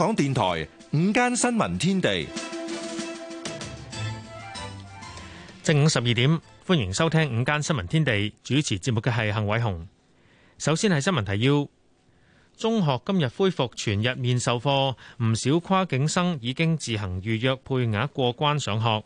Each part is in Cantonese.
香港電台午間新聞天地，正午十二點，歡迎收聽午間新聞天地，主持節目嘅係幸偉雄。首先係新聞提要：中學今日恢復全日面授課，唔少跨境生已經自行預約配額過關上學。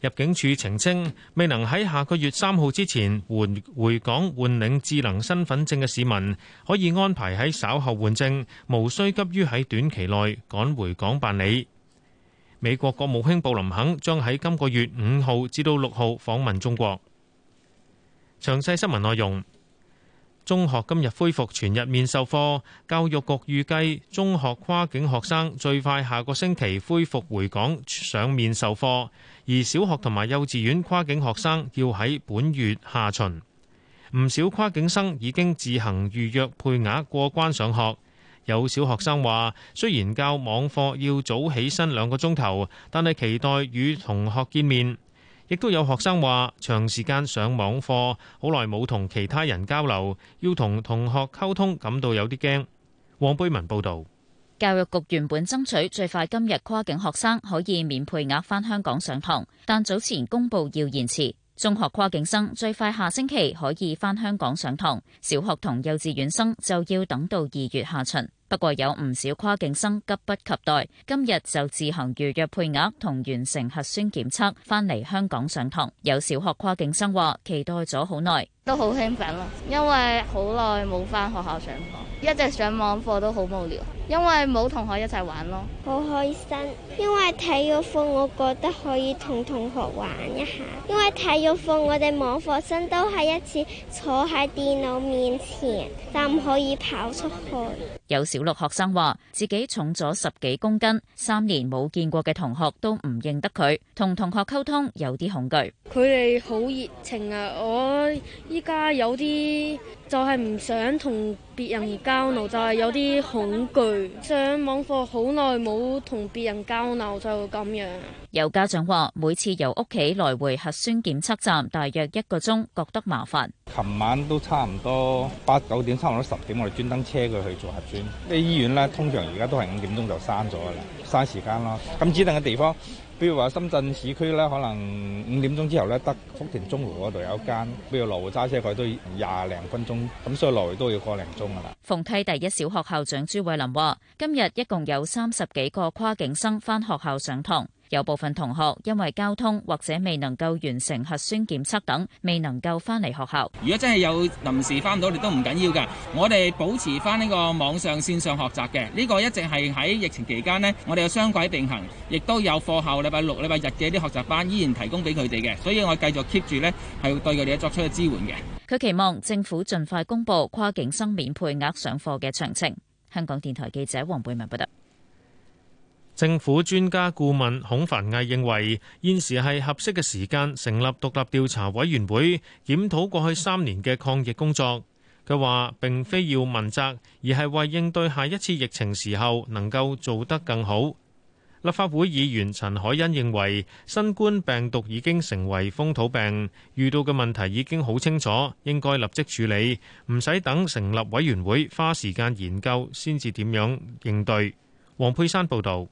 入境處澄清，未能喺下個月三號之前換回港換領智能身份證嘅市民，可以安排喺稍後換證，無需急於喺短期內趕回港辦理。美國國務卿布林肯將喺今個月五號至到六號訪問中國。詳細新聞內容：中學今日恢復全日面授課，教育局預計中學跨境學生最快下個星期恢復回港上面授課。而小學同埋幼稚園跨境學生要喺本月下旬，唔少跨境生已經自行預約配額過關上學。有小學生話：雖然教網課要早起身兩個鐘頭，但係期待與同學見面。亦都有學生話：長時間上網課，好耐冇同其他人交流，要同同學溝通，感到有啲驚。黃貝文報導。教育局原本爭取最快今日跨境學生可以免配額返香港上堂，但早前公布要延遲。中學跨境生最快下星期可以返香港上堂，小學同幼稚園生就要等到二月下旬。不過有唔少跨境生急不及待，今日就自行預約配額同完成核酸檢測，返嚟香港上堂。有小學跨境生話：期待咗好耐，都好興奮咯，因為好耐冇翻學校上堂，一直上網課都好無聊，因為冇同學一齊玩咯。好開心，因為體育課我覺得可以同同學玩一下，因為體育課我哋網課生都係一次坐喺電腦面前，但唔可以跑出去。有小六學生話：自己重咗十幾公斤，三年冇見過嘅同學都唔認得佢，同同學溝通有啲恐懼。佢哋好熱情呀！我而家有啲。就係唔想同別人交流，就係有啲恐懼。上網課好耐冇同別人交流，就咁樣。有家長話：每次由屋企來回核酸檢測站大約一個鐘，覺得麻煩。琴晚都差唔多八九點，差唔多十點，我哋專登車佢去做核酸。啲醫院咧，通常而家都係五點鐘就閂咗噶啦，嘥時間咯。咁指定嘅地方。比如話深圳市區咧，可能五點鐘之後咧，得福田中路嗰度有一間。比如羅湖揸車，佢都要廿零分鐘，咁所以來回都要個零鐘噶啦。鳳溪第一小學校長朱慧林話，今日一共有三十幾個跨境生翻學校上堂。有部分同學因為交通或者未能夠完成核酸檢測等，未能夠翻嚟學校。如果真係有臨時翻唔到，你都唔緊要噶。我哋保持翻呢個網上線上學習嘅，呢個一直係喺疫情期間呢，我哋有雙軌並行，亦都有課後禮拜六、禮拜日嘅啲學習班依然提供俾佢哋嘅。所以我繼續 keep 住呢，係對佢哋作出嘅支援嘅。佢期望政府盡快公布跨境生免配額上課嘅詳情。香港電台記者黃貝文報道。政府專家顧問孔凡毅認為現時係合適嘅時間成立獨立調查委員會檢討過去三年嘅抗疫工作。佢話並非要問責，而係為應對下一次疫情時候能夠做得更好。立法會議員陳海欣認為新冠病毒已經成為風土病，遇到嘅問題已經好清楚，應該立即處理，唔使等成立委員會花時間研究先至點樣應對，黃佩珊報道。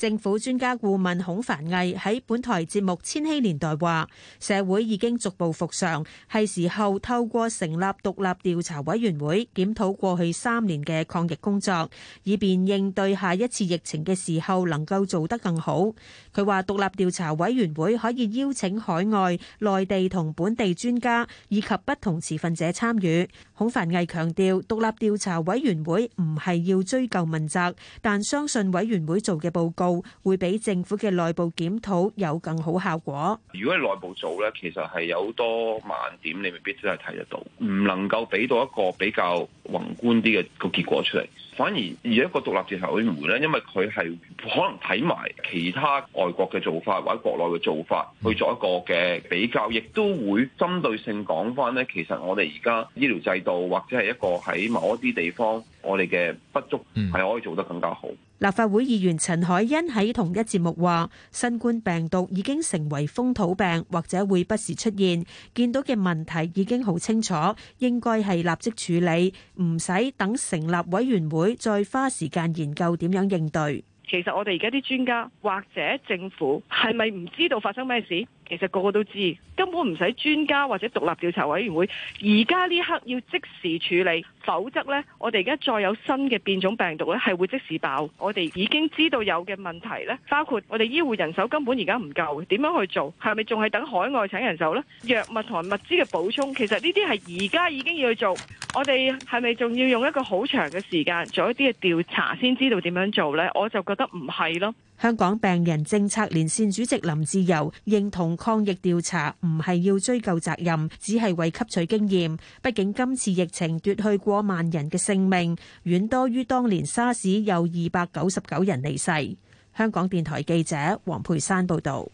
政府專家顧問孔繁毅喺本台節目《千禧年代》話：社會已經逐步復常，係時候透過成立獨立調查委員會，檢討過去三年嘅抗疫工作，以便應對下一次疫情嘅時候能夠做得更好。佢話：獨立調查委員會可以邀請海外、內地同本地專家以及不同持份者參與。孔繁毅強調，獨立調查委員會唔係要追究問責，但相信委員會做嘅報告。會比政府嘅內部檢討有更好效果。如果係內部做咧，其實係有多盲點，你未必真係睇得到，唔能夠俾到一個比較宏觀啲嘅個結果出嚟。反而而一個獨立調查委員會咧，因為佢係可能睇埋其他外國嘅做法或者國內嘅做法，去做一個嘅比較，亦都會針對性講翻咧。其實我哋而家醫療制度或者係一個喺某一啲地方我哋嘅不足，係可以做得更加好。立法會議員陳海欣喺同一節目話：新冠病毒已經成為風土病，或者會不時出現。見到嘅問題已經好清楚，應該係立即處理，唔使等成立委員會再花時間研究點樣應對。其實我哋而家啲專家或者政府係咪唔知道發生咩事？其實個個都知，根本唔使專家或者獨立調查委員會。而家呢刻要即時處理。否則呢，我哋而家再有新嘅變種病毒呢，係會即時爆。我哋已經知道有嘅問題呢，包括我哋醫護人手根本而家唔夠，點樣去做？係咪仲係等海外請人手呢？藥物同埋物資嘅補充，其實呢啲係而家已經要去做。我哋係咪仲要用一個好長嘅時間做一啲嘅調查先知道點樣做呢？我就覺得唔係咯。香港病人政策連線主席林志游認同抗疫調查唔係要追究責任，只係為吸取經驗。畢竟今次疫情奪去。過萬人嘅性命遠多於當年沙士，有二百九十九人離世。香港電台記者黃佩珊報道。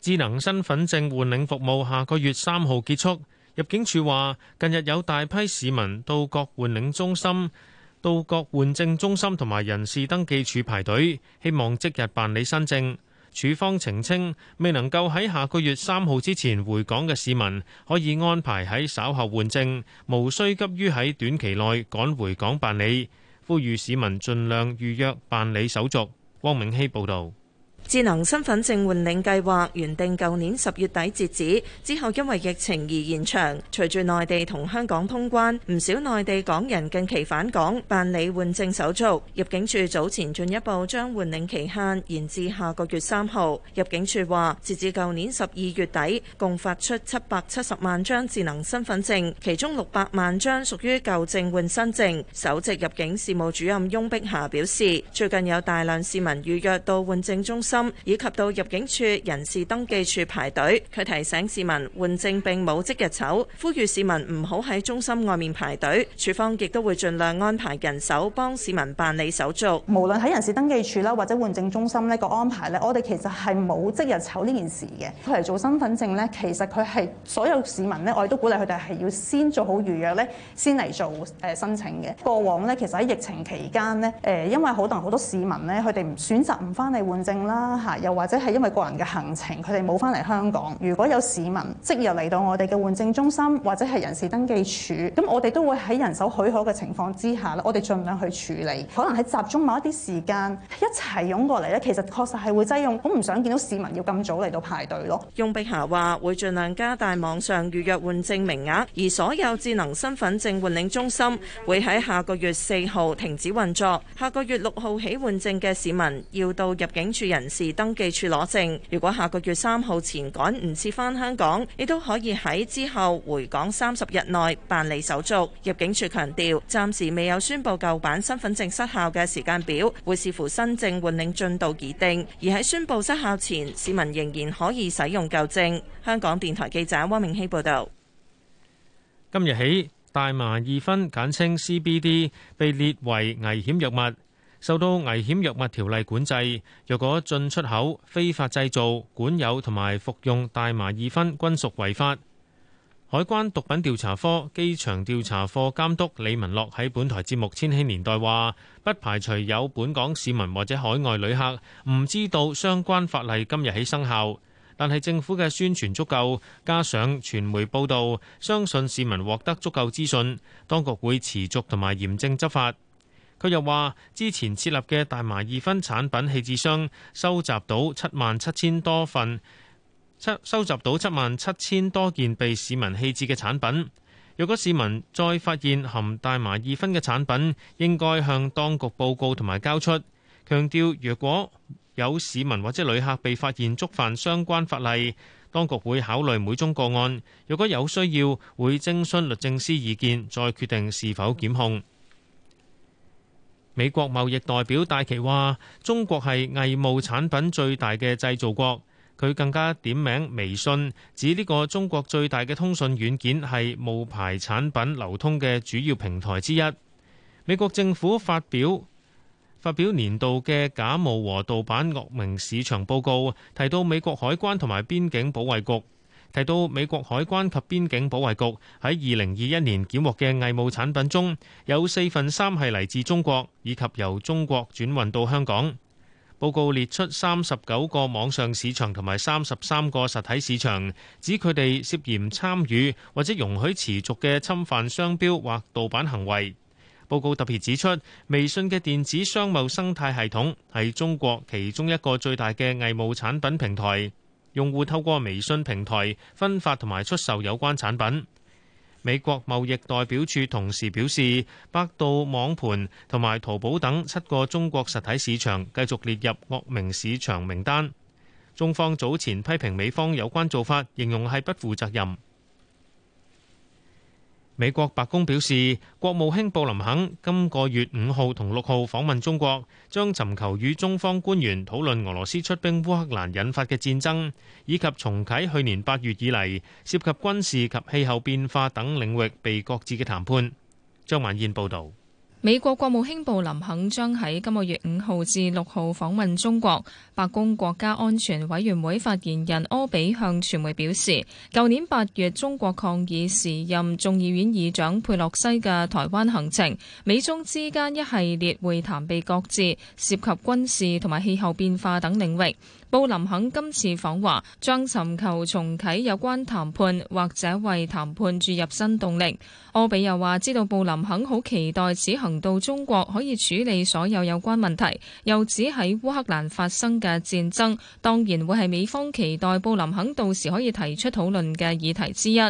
智能身份證換領服務下個月三號結束。入境處話，近日有大批市民到各換領中心、到各換證中心同埋人事登記處排隊，希望即日辦理新證。處方澄清，未能夠喺下個月三號之前回港嘅市民，可以安排喺稍後換證，無需急於喺短期內趕回港辦理，呼籲市民盡量預約辦理手續。汪明希報導。智能身份證換領計劃原定舊年十月底截止，之後因為疫情而延長。隨住內地同香港通關，唔少內地港人近期返港辦理換證手續。入境處早前進一步將換領期限延至下個月三號。入境處話，截至舊年十二月底，共發出七百七十萬張智能身份證，其中六百萬張屬於舊證換新證。首席入境事務主任翁碧霞表示，最近有大量市民預約到換證中心，以及到入境處、人事登記處排隊，佢提醒市民換證並冇即日籌，呼籲市民唔好喺中心外面排隊。處方亦都會盡量安排人手幫市民辦理手續。無論喺人事登記處啦，或者換證中心呢個安排咧，我哋其實係冇即日籌呢件事嘅。佢嚟做身份證咧，其實佢係所有市民咧，我哋都鼓勵佢哋係要先做好預約咧，先嚟做誒申請嘅。過往咧，其實喺疫情期間咧，誒，因為好多人好多市民咧，佢哋唔選擇唔翻嚟換證啦。又或者係因為個人嘅行程，佢哋冇返嚟香港。如果有市民即日嚟到我哋嘅換證中心，或者係人事登記處，咁我哋都會喺人手許可嘅情況之下咧，我哋盡量去處理。可能喺集中某一啲時間一齊湧過嚟咧，其實確實係會擠擁。好唔想見到市民要咁早嚟到排隊咯。楊碧霞話：會盡量加大網上預約換證名額，而所有智能身份證換領中心會喺下個月四號停止運作，下個月六號起換證嘅市民要到入境處人是登記處攞證，如果下個月三號前趕唔切返香港，亦都可以喺之後回港三十日內辦理手續。入境處強調，暫時未有宣布舊版身份證失效嘅時間表，會視乎新證換領進度而定。而喺宣布失效前，市民仍然可以使用舊證。香港電台記者汪明希報導。今日起，大麻二酚簡稱 CBD 被列為危險藥物。受到危險藥物條例管制，若果進出口、非法製造、管有同埋服用大麻二酚均屬違法。海關毒品調查科機場調查課監督李文樂喺本台節目《千禧年代》話：不排除有本港市民或者海外旅客唔知道相關法例今日起生效，但係政府嘅宣傳足夠，加上傳媒報導，相信市民獲得足夠資訊。當局會持續同埋嚴正執法。佢又話：之前設立嘅大麻二酚產品棄置箱收集到七萬七千多份，七，收集到七萬七千多件被市民棄置嘅產品。若果市民再發現含大麻二酚嘅產品，應該向當局報告同埋交出。強調，若果有市民或者旅客被發現觸犯相關法例，當局會考慮每宗個案。若果有需要，會徵詢律政司意見，再決定是否檢控。美國貿易代表戴琪話：中國係偽冒產品最大嘅製造國。佢更加點名微信，指呢個中國最大嘅通訊軟件係冒牌產品流通嘅主要平台之一。美國政府發表發表年度嘅假冒和盜版惡名市場報告，提到美國海關同埋邊境保衞局。提到美國海關及邊境保衛局喺二零二一年檢獲嘅偽冒產品中，有四分三係嚟自中國，以及由中國轉運到香港。報告列出三十九個網上市場同埋三十三個實體市場，指佢哋涉嫌參與或者容許持續嘅侵犯商標或盜版行為。報告特別指出，微信嘅電子商務生態系統係中國其中一個最大嘅偽冒產品平台。用戶透過微信平台分發同埋出售有關產品。美國貿易代表處同時表示，百度網盤同埋淘寶等七個中國實體市場繼續列入惡名市場名單。中方早前批評美方有關做法，形容係不負責任。美國白宮表示，國務卿布林肯今個月五號同六號訪問中國，將尋求與中方官員討論俄羅斯出兵烏克蘭引發嘅戰爭，以及重啟去年八月以嚟涉及軍事及氣候變化等領域被擱置嘅談判。張萬燕報導。美國國務卿布林肯將喺今個月五號至六號訪問中國。白宮國家安全委員會發言人柯比向傳媒表示，舊年八月中國抗議時任眾議院議長佩洛西嘅台灣行程，美中之間一系列會談被擱置，涉及軍事同埋氣候變化等領域。布林肯今次訪華，將尋求重啟有關談判，或者為談判注入新動力。奧比又話：知道布林肯好期待此行到中國，可以處理所有有關問題。又指喺烏克蘭發生嘅戰爭，當然會係美方期待布林肯到時可以提出討論嘅議題之一。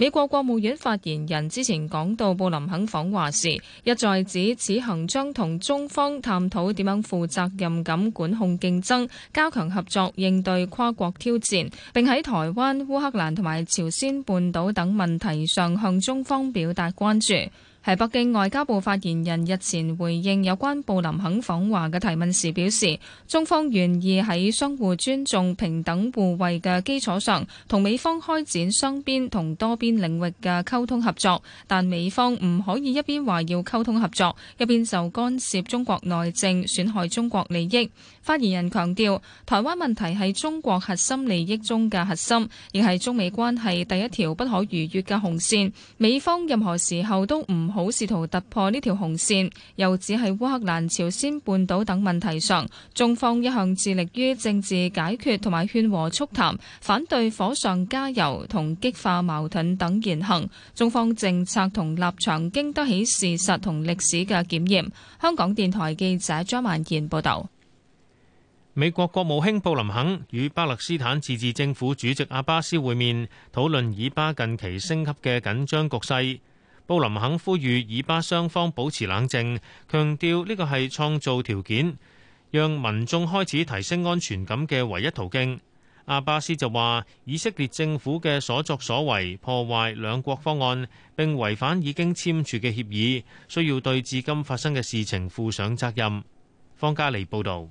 美國國務院發言人之前講到布林肯訪華時，一再指此行將同中方探討點樣負責任噉管控競爭、加強合作應對跨國挑戰，並喺台灣、烏克蘭同埋朝鮮半島等問題上向中方表達關注。喺北京外交部發言人日前回應有關布林肯訪華嘅提問時表示，中方願意喺相互尊重、平等互惠嘅基礎上，同美方開展雙邊同多邊領域嘅溝通合作。但美方唔可以一邊話要溝通合作，一邊就干涉中國內政、損害中國利益。發言人強調，台灣問題係中國核心利益中嘅核心，亦係中美關係第一條不可逾越嘅紅線。美方任何時候都唔可以冇試圖突破呢條紅線，又指喺烏克蘭、朝鮮半島等問題上，中方一向致力於政治解決同埋勸和促談，反對火上加油同激化矛盾等言行。中方政策同立場經得起事實同歷史嘅檢驗。香港電台記者張曼燕報道。美國國務卿布林肯與巴勒斯坦自治政府主席阿巴斯會面，討論以巴近期升級嘅緊張局勢。布林肯呼籲以巴雙方保持冷靜，強調呢個係創造條件，讓民眾開始提升安全感嘅唯一途徑。阿巴斯就話：以色列政府嘅所作所為破壞兩國方案，並違反已經簽署嘅協議，需要對至今發生嘅事情負上責任。方家莉報導。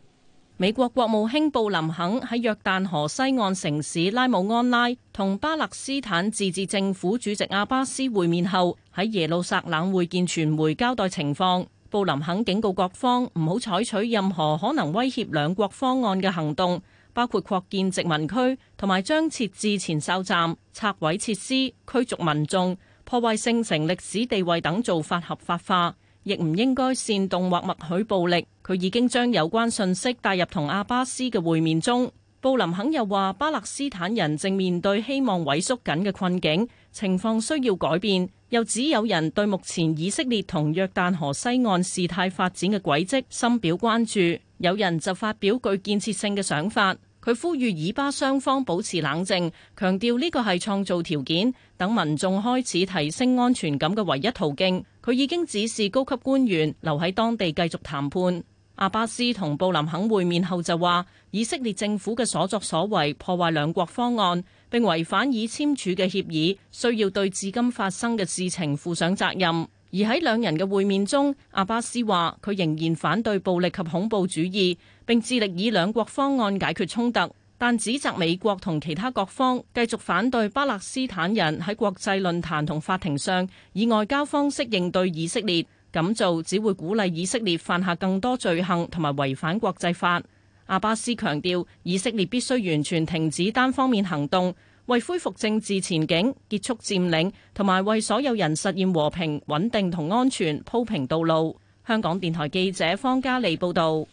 美國國務卿布林肯喺約旦河西岸城市拉姆安拉同巴勒斯坦自治政府主席阿巴斯會面後，喺耶路撒冷會見傳媒交代情況。布林肯警告各方唔好採取任何可能威脅兩國方案嘅行動，包括擴建殖民區同埋將設置前哨站、拆毀設施、驅逐民眾、破壞聖城歷史地位等做法合法化。亦唔應該煽動或默許暴力。佢已經將有關信息帶入同阿巴斯嘅會面中。布林肯又話，巴勒斯坦人正面對希望萎縮緊嘅困境，情況需要改變。又指有人對目前以色列同約旦河西岸事態發展嘅軌跡深表關注。有人就發表具建設性嘅想法。佢呼籲以巴雙方保持冷靜，強調呢個係創造條件，等民眾開始提升安全感嘅唯一途徑。佢已經指示高級官員留喺當地繼續談判。阿巴斯同布林肯會面後就話，以色列政府嘅所作所為破壞兩國方案，並違反已簽署嘅協議，需要對至今發生嘅事情負上責任。而喺兩人嘅會面中，阿巴斯話佢仍然反對暴力及恐怖主義，並致力以兩國方案解決衝突。但指責美國同其他各方繼續反對巴勒斯坦人喺國際論壇同法庭上以外交方式應對以色列，咁做只會鼓勵以色列犯下更多罪行同埋違反國際法。阿巴斯強調，以色列必須完全停止單方面行動，為恢復政治前景、結束佔領同埋為所有人實現和平、穩定同安全鋪平道路。香港電台記者方嘉莉報道。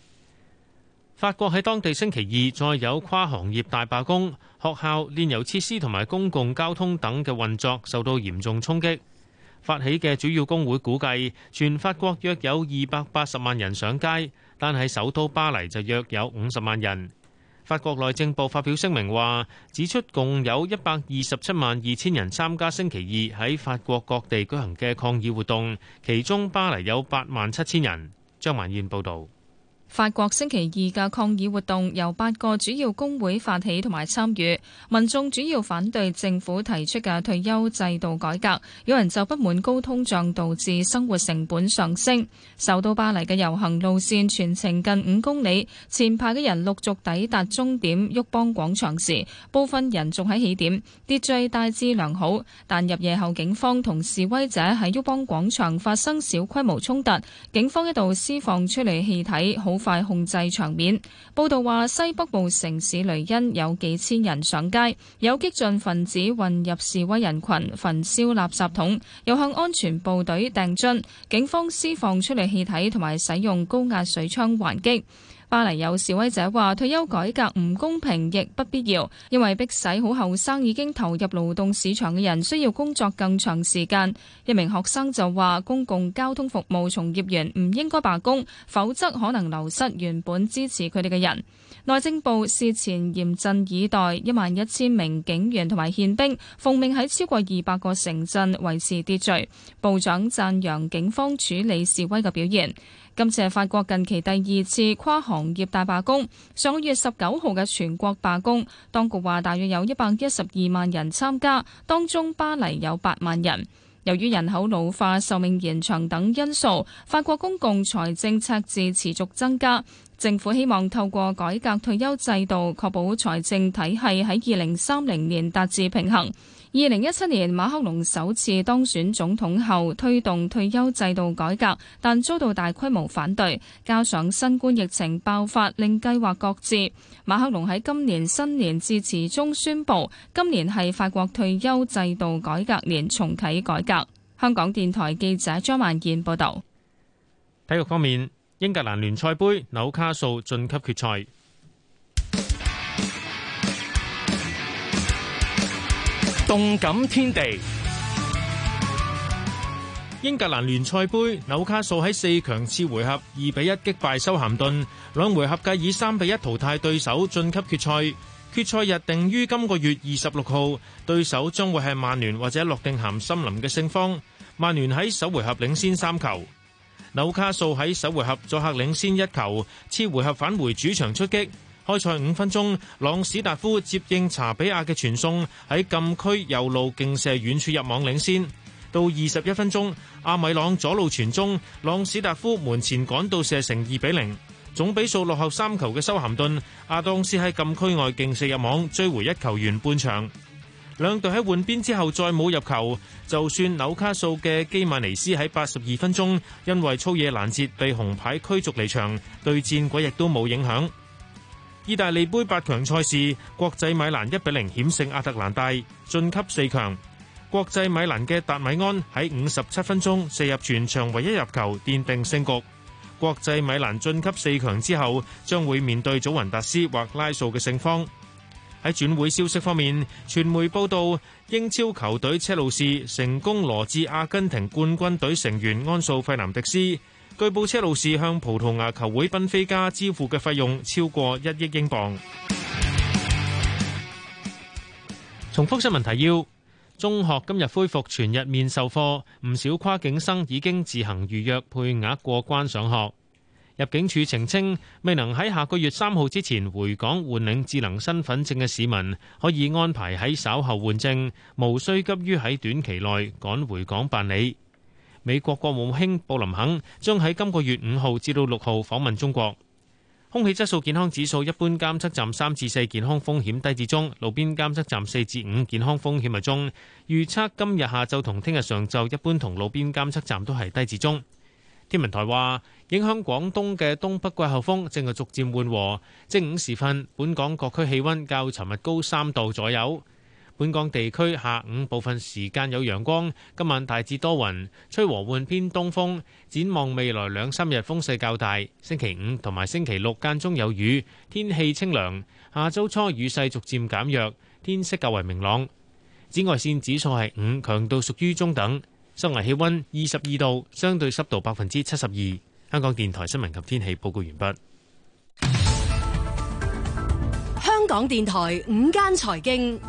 法國喺當地星期二再有跨行業大罷工，學校、煉油設施同埋公共交通等嘅運作受到嚴重衝擊。發起嘅主要工會估計，全法國約有二百八十萬人上街，但喺首都巴黎就約有五十萬人。法國內政部發表聲明話，指出共有一百二十七萬二千人參加星期二喺法國各地舉行嘅抗議活動，其中巴黎有八萬七千人。張曼燕報導。法國星期二嘅抗議活動由八個主要工會發起同埋參與，民眾主要反對政府提出嘅退休制度改革，有人就不滿高通脹導致生活成本上升。首都巴黎嘅遊行路線全程近五公里，前排嘅人陸續抵達終點旭邦廣場時，部分人仲喺起點，秩序大致良好。但入夜後，警方同示威者喺旭邦廣場發生小規模衝突，警方一度施放催淚氣體。好好快控制場面。報道話，西北部城市雷恩有幾千人上街，有激進分子混入示威人群，焚燒垃圾桶，又向安全部隊掟樽。警方施放出嚟氣體，同埋使用高壓水槍還擊。巴黎有示威者話退休改革唔公平，亦不必要，因為迫使好後生已經投入勞動市場嘅人需要工作更長時間。一名學生就話公共交通服務從業員唔應該罷工，否則可能流失原本支持佢哋嘅人。內政部事前嚴陣以待，一萬一千名警員同埋憲兵奉命喺超過二百個城鎮維持秩序。部長讚揚警方處理示威嘅表現。今次係法國近期第二次跨行業大罷工。上個月十九號嘅全國罷工，當局話大約有一百一十二萬人參加，當中巴黎有八萬人。由於人口老化、壽命延長等因素，法國公共財政赤字持續增加。政府希望透過改革退休制度，確保財政體系喺二零三零年達至平衡。二零一七年馬克龍首次當選總統後推動退休制度改革，但遭到大規模反對，加上新冠疫情爆發，令計劃擱置。馬克龍喺今年新年致辭中宣布，今年係法國退休制度改革年，重啟改革。香港電台記者張萬健報道。體育方面。英格蘭聯賽盃紐卡素晉級決賽，動感天地。英格蘭聯賽盃紐卡素喺四強次回合二比一擊敗修咸頓，兩回合計以三比一淘汰對手晉級決賽。決賽日定於今個月二十六號，對手將會係曼聯或者諾定咸森林嘅勝方。曼聯喺首回合領先三球。紐卡素喺首回合作客領先一球，次回合返回主場出擊。開賽五分鐘，朗史達夫接應查比亞嘅傳送喺禁區右路勁射遠處入網領先。到二十一分鐘，阿米朗左路傳中，朗史達夫門前趕到射成二比零。總比數落後三球嘅修咸頓，阿當斯喺禁區外勁射入網追回一球，完半場。兩隊喺換邊之後再冇入球，就算紐卡素嘅基曼尼斯喺八十二分鐘因為粗野攔截被紅牌驅逐離場，對戰果亦都冇影響。意大利杯八強賽事，國際米蘭一比零險勝阿特蘭大，晉級四強。國際米蘭嘅達米安喺五十七分鐘射入全場唯一入球，奠定勝局。國際米蘭晉級四強之後，將會面對祖雲達斯或拉素嘅勝方。喺轉會消息方面，傳媒報道英超球隊車路士成功羅致阿根廷冠軍隊成員安素費南迪斯。據報車路士向葡萄牙球會賓菲加支付嘅費用超過一億英鎊。重複新聞提要：中學今日恢復全日面授課，唔少跨境生已經自行預約配額過關上學。入境處澄清，未能喺下個月三號之前回港換領智能身份證嘅市民，可以安排喺稍後換證，無需急於喺短期內趕回港辦理。美國國務卿布林肯將喺今個月五號至到六號訪問中國。空氣質素健康指數一般監測站三至四健康風險低至中，路邊監測站四至五健康風險係中。預測今日下晝同聽日上晝一般同路邊監測站都係低至中。天文台話，影響廣東嘅東北季候風正係逐漸緩和。正午時分，本港各區氣温較尋日高三度左右。本港地區下午部分時間有陽光，今晚大致多雲，吹和緩偏東風。展望未來兩三日風勢較大，星期五同埋星期六間中有雨，天氣清涼。下週初雨勢逐漸減弱，天色較為明朗。紫外線指數係五，強度屬於中等。室外氣溫二十二度，相對濕度百分之七十二。香港電台新聞及天氣報告完畢。香港電台午間財經，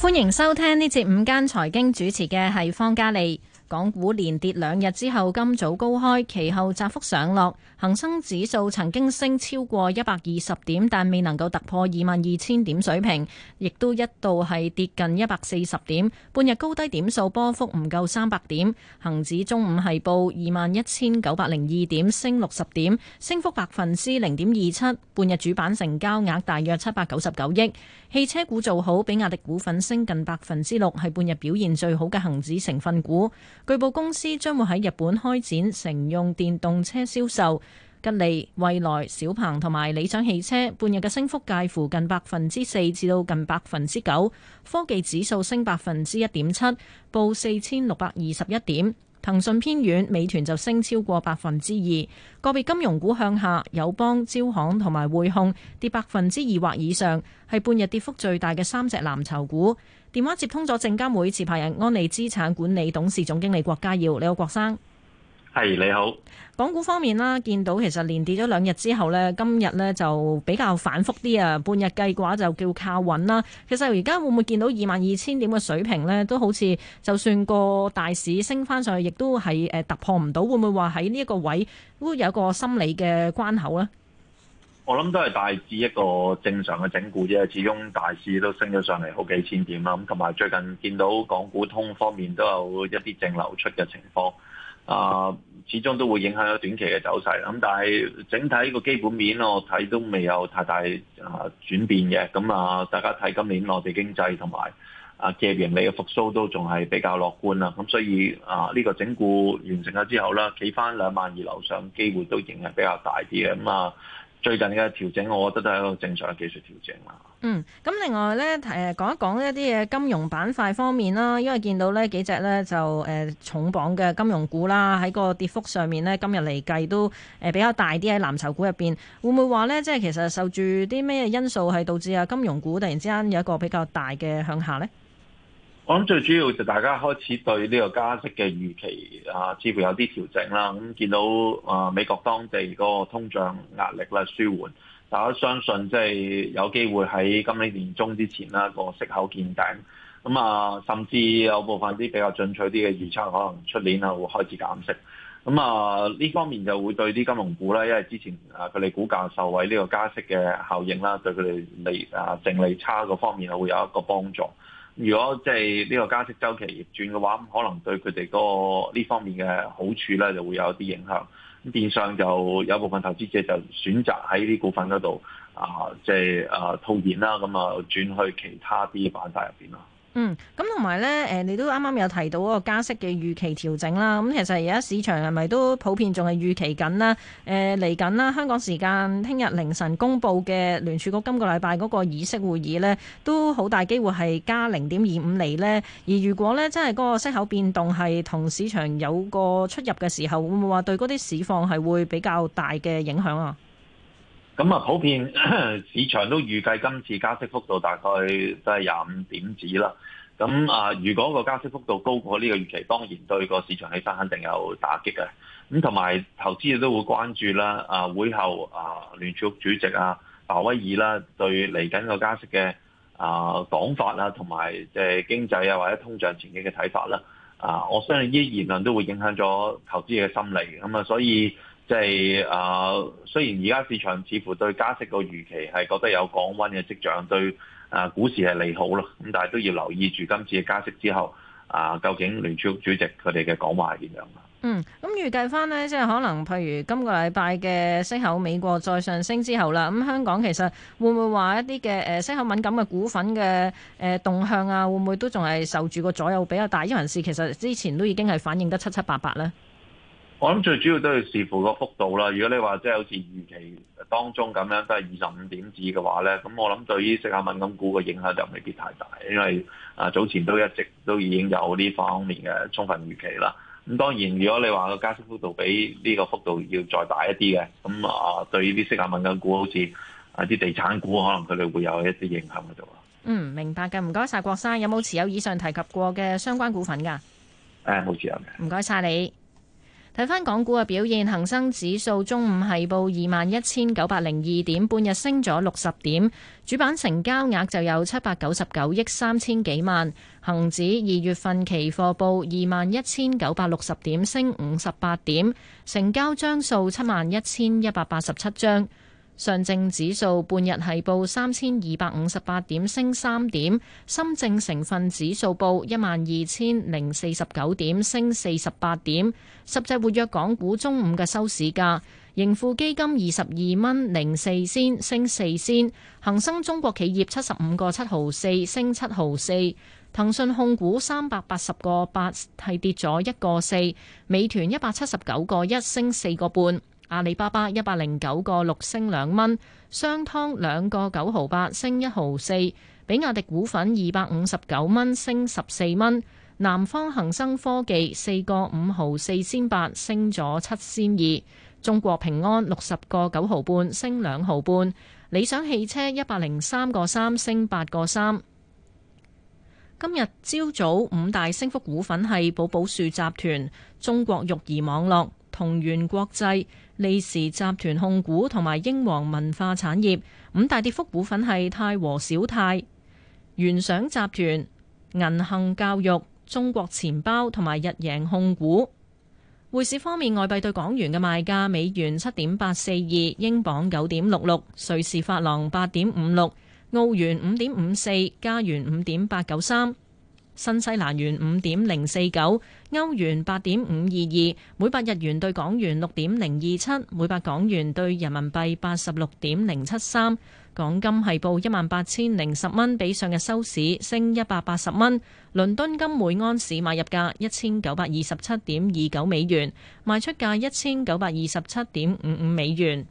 歡迎收聽呢節午間財經，主持嘅係方嘉莉。港股連跌兩日之後，今早高開，其後窄幅上落。恒生指數曾經升超過一百二十點，但未能夠突破二萬二千點水平，亦都一度係跌近一百四十點。半日高低點數波幅唔夠三百點。恒指中午係報二萬一千九百零二點，升六十點，升幅百分之零點二七。半日主板成交額大約七百九十九億。汽車股做好，比亞迪股份升近百分之六，係半日表現最好嘅恒指成分股。據報公司將會喺日本開展乘用電動車銷售。吉利、蔚來、小鵬同埋理想汽車半日嘅升幅介乎近百分之四至到近百分之九，科技指數升百分之一點七，報四千六百二十一點。騰訊偏遠，美團就升超過百分之二，個別金融股向下，友邦、招行同埋匯控跌百分之二或以上，係半日跌幅最大嘅三隻藍籌股。電話接通咗證監會持牌人安利資產管理董事總經理郭家耀，你好，郭生。係，你好，港股方面啦，見到其實連跌咗兩日之後呢，今日呢就比較反復啲啊。半日計嘅話就叫靠穩啦。其實而家會唔會見到二萬二千點嘅水平呢？都好似就算個大市升翻，上去，亦都係誒突破唔到。會唔會話喺呢一個位會有個心理嘅關口呢？我諗都係大致一個正常嘅整固啫。始終大市都升咗上嚟好幾千點啦。咁同埋最近見到港股通方面都有一啲淨流出嘅情況啊。呃始終都會影響咗短期嘅走勢，咁但係整體個基本面我睇都未有太大啊轉、呃、變嘅，咁、嗯、啊大家睇今年內地經濟同埋啊企業盈利嘅復甦都仲係比較樂觀啦，咁、嗯、所以啊呢、這個整固完成咗之後啦，企翻兩萬二樓上機會都仍然係比較大啲嘅，咁、嗯、啊最近嘅調整我覺得都係一個正常嘅技術調整啦。嗯，咁另外咧，誒、呃、講一講一啲嘢，金融板塊方面啦，因為見到呢幾隻咧就誒、呃、重磅嘅金融股啦，喺個跌幅上面咧，今日嚟計都誒比較大啲喺藍籌股入邊，會唔會話咧，即係其實受住啲咩因素係導致啊金融股突然之間有一個比較大嘅向下咧？我諗最主要就大家開始對呢個加息嘅預期啊，似乎有啲調整啦。咁、嗯、見到啊、呃、美國當地嗰個通脹壓力咧舒緩。大家相信即係有機會喺今年年中之前啦，個息口見頂。咁啊，甚至有部分啲比較進取啲嘅預測，可能出年啊會開始減息。咁啊，呢方面就會對啲金融股咧，因為之前啊佢哋股價受惠呢個加息嘅效應啦，對佢哋利啊淨利差嗰方面係會有一個幫助。如果即係呢個加息週期逆轉嘅話，咁可能對佢哋嗰個呢方面嘅好處咧，就會有一啲影響。咁變相就有部分投資者就選擇喺啲股份嗰度啊，即係啊套現啦，咁啊轉去其他啲板塊入邊啦。嗯，咁同埋咧，誒，你都啱啱有提到嗰個加息嘅預期調整啦。咁其實而家市場係咪都普遍仲係預期緊咧？誒、呃，嚟緊啦，香港時間聽日凌晨公布嘅聯儲局今個禮拜嗰個議息會議呢，都好大機會係加零點二五厘呢。而如果呢，真係嗰個息口變動係同市場有個出入嘅時候，會唔會話對嗰啲市況係會比較大嘅影響啊？咁啊，普遍 市場都預計今次加息幅度大概都係廿五點子啦。咁啊，如果個加息幅度高過呢個預期，當然對個市場氣氛肯定有打擊嘅。咁同埋投資亦都會關注啦。啊，會後啊聯儲局主席啊鮑威爾啦、啊，對嚟緊個加息嘅啊講法啊，同埋即係經濟啊或者通脹前景嘅睇法啦、啊。啊，我相信呢啲言論都會影響咗投資嘅心理。咁啊，所以即、就、係、是、啊，雖然而家市場似乎對加息個預期係覺得有降溫嘅跡象，對。啊，股市係利好咯，咁但係都要留意住今次嘅加息之後，啊，究竟聯儲局主席佢哋嘅講話係點樣啊、嗯？嗯，咁預計翻呢，即係可能譬如今個禮拜嘅息口美國再上升之後啦，咁、嗯、香港其實會唔會話一啲嘅誒息口敏感嘅股份嘅誒動向啊，會唔會都仲係受住個左右比較大？因為市其實之前都已經係反應得七七八八咧。我諗最主要都係視乎個幅度啦。如果你話即係好似預期當中咁樣都係二十五點子嘅話咧，咁我諗對呢啲息口敏感股嘅影響就未必太大，因為啊早前都一直都已經有呢方面嘅充分預期啦。咁當然，如果你話個加息幅度比呢個幅度要再大一啲嘅，咁啊對呢啲息口敏感股，好似啊啲地產股，可能佢哋會有一啲影響嘅就。嗯，明白嘅。唔該晒，郭生有冇持有以上提及過嘅相關股份噶？誒、嗯，好似有嘅。唔該晒你。睇返港股嘅表現，恒生指數中午係報二萬一千九百零二點，半日升咗六十點，主板成交額就有七百九十九億三千幾萬。恒指二月份期貨報二萬一千九百六十點，升五十八點，成交張數七萬一千一百八十七張。上證指數半日係報三千二百五十八點，升三點；深證成分指數報一萬二千零四十九點，升四十八點。十隻活躍港股中午嘅收市價，盈富基金二十二蚊零四仙，升四仙；恒生中國企業七十五個七毫四，升七毫四；騰訊控股三百八十個八，係跌咗一個四；美團一百七十九個一，升四個半。阿里巴巴一百零九個六升兩蚊，商湯兩個九毫八升一毫四，比亞迪股份二百五十九蚊升十四蚊，南方恒生科技四個五毫四仙八升咗七仙二，中國平安六十個九毫半升兩毫半，理想汽車一百零三個三升八個三。今日朝早五大升幅股份係寶寶樹集團、中國育兒網絡、同源國際。利時集團控股同埋英皇文化產業。五大跌幅股份係泰和、小泰、元想集團、銀杏教育、中國錢包同埋日盈控股。匯市方面，外幣對港元嘅賣價：美元七點八四二，英鎊九點六六，瑞士法郎八點五六，澳元五點五四，加元五點八九三。新西蘭元五點零四九，歐元八點五二二，每百日元對港元六點零二七，每百港元對人民幣八十六點零七三。港金係報一萬八千零十蚊，比上日收市升一百八十蚊。倫敦金每盎司買入價一千九百二十七點二九美元，賣出價一千九百二十七點五五美元。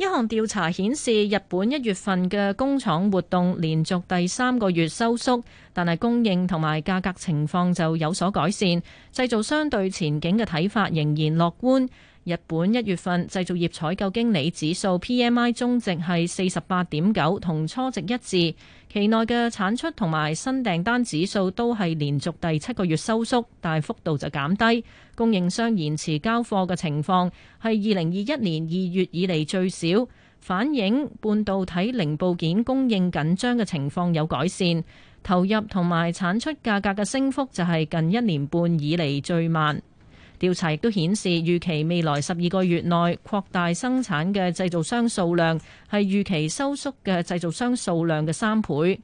一項調查顯示，日本一月份嘅工廠活動連續第三個月收縮，但係供應同埋價格情況就有所改善。製造商對前景嘅睇法仍然樂觀。日本一月份製造業採購經理指數 PMI 終值係四十八點九，同初值一致。期內嘅產出同埋新訂單指數都係連續第七個月收縮，大幅度就減低。供應商延遲交貨嘅情況係二零二一年二月以嚟最少，反映半導體零部件供應緊張嘅情況有改善。投入同埋產出價格嘅升幅就係近一年半以嚟最慢。調查亦都顯示，預期未來十二個月內擴大生產嘅製造商數量，係預期收縮嘅製造商數量嘅三倍。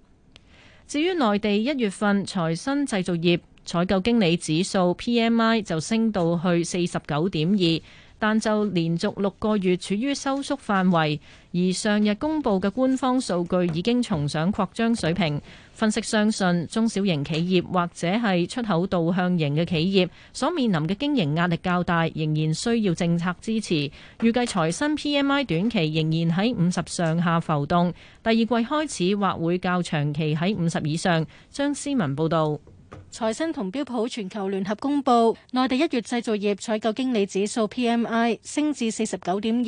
至於內地一月份財新製造業採購經理指數 PMI 就升到去四十九點二。但就連續六個月處於收縮範圍，而上日公佈嘅官方數據已經重上擴張水平。分析相信中小型企業或者係出口導向型嘅企業所面臨嘅經營壓力較大，仍然需要政策支持。預計財新 PMI 短期仍然喺五十上下浮動，第二季開始或會較長期喺五十以上。張思文報導。財新同標普全球聯合公布，內地一月製造業採購經理指數 PMI 升至四十九點二，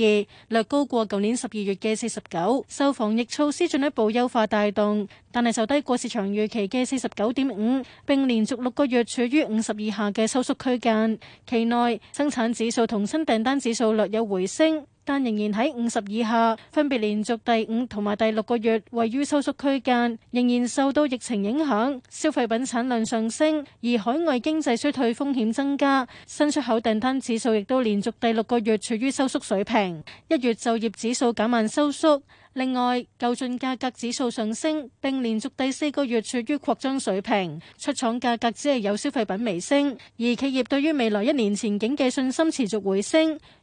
略高過舊年十二月嘅四十九，受防疫措施進一步優化帶動，但係就低過市場預期嘅四十九點五，並連續六個月處於五十以下嘅收縮區間。期內生產指數同新訂單指數略有回升。但仍然喺五十以下，分別連續第五同埋第六個月位於收縮區間，仍然受到疫情影響，消費品產量上升，而海外經濟衰退風險增加，新出口訂單指數亦都連續第六個月處於收縮水平。一月就業指數減慢收縮，另外購進價格指數上升，並連續第四個月處於擴張水平。出廠價格只係有消費品微升，而企業對於未來一年前景嘅信心持續回升。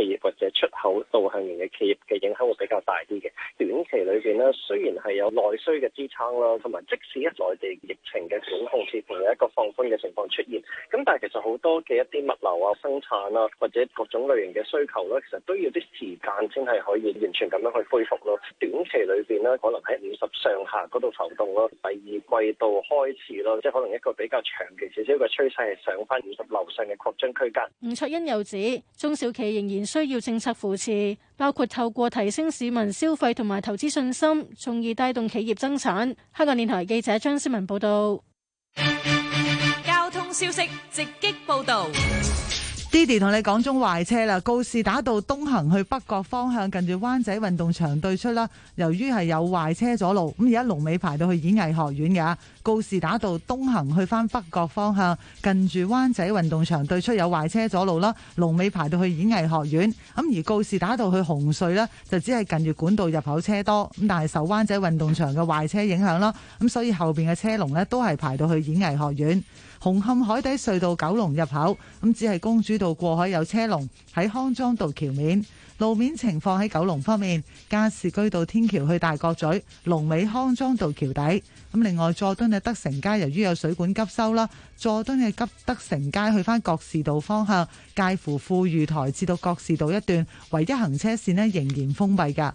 企業或者出口導向型嘅企業嘅影響會比較大啲嘅，短期裏邊咧雖然係有內需嘅支撐啦，同埋即使一內地疫情嘅管控似乎有一個放寬嘅情況出現，咁但係其實好多嘅一啲物流啊、生產啊或者各種類型嘅需求啦，其實都要啲時間先係可以完全咁樣去恢復咯。短期裏邊咧可能喺五十上下嗰度浮動咯，第二季度開始咯，即係可能一個比較長期少少嘅趨勢係上翻五十樓上嘅擴張區間。吳卓恩又指中小企仍然。需要政策扶持，包括透過提升市民消費同埋投資信心，從而帶動企業增產。香港電台記者張思文報道。交通消息直擊報導。Didi 同你講中壞車啦，告士打道東行去北角方向，近住灣仔運動場對出啦。由於係有壞車阻路，咁而家龍尾排到去演藝學院嘅。告士打道東行去返北角方向，近住灣仔運動場對出有壞車阻路啦，龍尾排到去演藝學院。咁而告士打道去紅隧呢，就只係近住管道入口車多，咁但係受灣仔運動場嘅壞車影響啦，咁所以後邊嘅車龍呢，都係排到去演藝學院。紅磡海底隧道九龍入口，咁只係公主道過海有車龍，喺康莊道橋面。路面情況喺九龍方面，加士居道天橋去大角咀，龍尾康莊道橋底咁。另外，佐敦嘅德成街由於有水管急修，啦，佐敦嘅急德成街去翻各士道方向，介乎富裕台至到各士道一段唯一行車線咧，仍然封閉噶。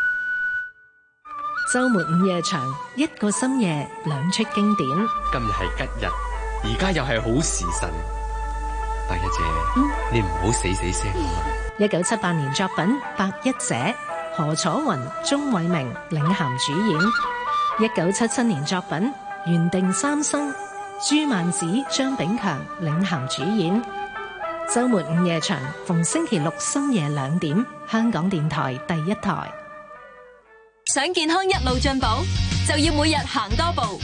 周末午夜場，一個深夜兩齣經典。今日係吉日，而家又係好時辰。八一姐，你唔好死死聲。一九七八年作品《八一姐》，何楚雲、鍾偉明領銜主演。一九七七年作品《緣定三生》，朱曼子、張炳強領銜主演。周末午夜場，逢星期六深夜兩點，香港電台第一台。想健康一路進步，就要每日行多步。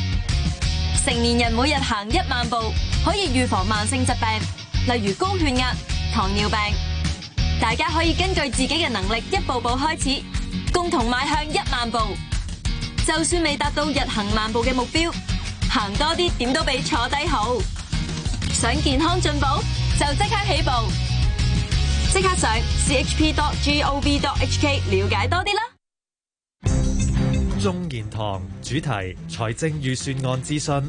成年人每日行一萬步可以預防慢性疾病，例如高血壓、糖尿病。大家可以根據自己嘅能力一步步開始，共同邁向一萬步。就算未達到日行萬步嘅目標，行多啲點都比坐低好。想健康進步，就即刻起步，即刻上 chp 成年人每日行1萬步,可以預防慢性疾病,例如公園遊,長溜冰。大家可以根據自己的能力一步步開始共同邁向即刻上 chp.gov.hk 了解多啲啦。中研堂主題：財政預算案諮詢，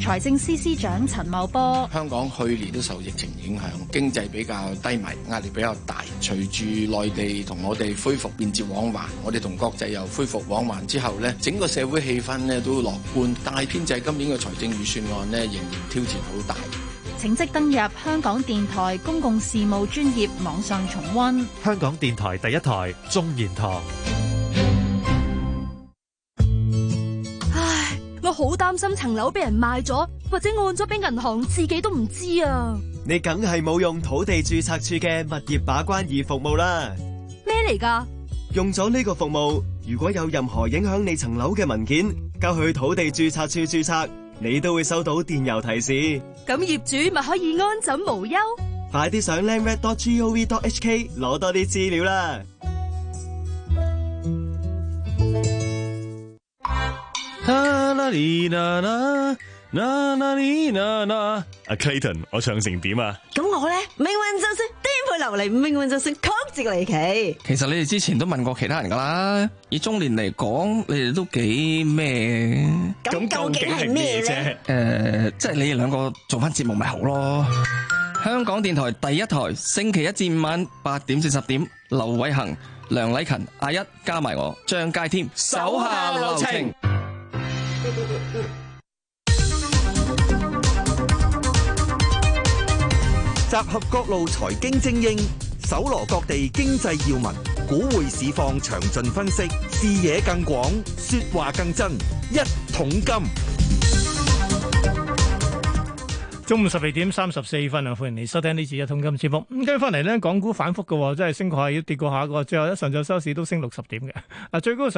財政司司長陳茂波。香港去年都受疫情影響，經濟比較低迷，壓力比較大。隨住內地同我哋恢復便捷往還，我哋同國際又恢復往還之後呢，整個社會氣氛呢都樂觀。但係，編制今年嘅財政預算案呢，仍然挑戰好大。請即登入香港電台公共事務專業網上重溫。香港電台第一台中研堂。好擔心層樓俾人賣咗，或者按咗俾銀行，自己都唔知啊！你梗係冇用土地注冊處嘅物業把關易服務啦。咩嚟噶？用咗呢個服務，如果有任何影響你層樓嘅文件，交去土地注冊處注冊，你都會收到電郵提示。咁業主咪可以安枕無憂。無憂快啲上 landreg.gov.hk 攞多啲資料啦。 啦啦啦啦啦啦啦！阿 Clayton，我唱成點啊？咁我咧，命運就算顛沛流離，命運就算曲折離奇。其實你哋之前都問過其他人噶啦。以中年嚟講，你哋都幾咩？咁究竟係咩啫？誒，即係你哋兩個做翻節目咪好咯？香港電台第一台，星期一至五晚八點至十點，劉偉恒、梁禮勤、阿一加埋我，張佳添，手下留情。集合各路財經精英，搜羅各地經濟要聞，股匯市況詳盡分析，視野更廣，說話更真。一桶金，中午十二點三十四分啊！歡迎你收聽呢次一桶金節目。咁跟住翻嚟咧，港股反復嘅，即係升過下，要跌過下嘅。最後咧，上晝收市都升六十點嘅。啊，最高嘅上。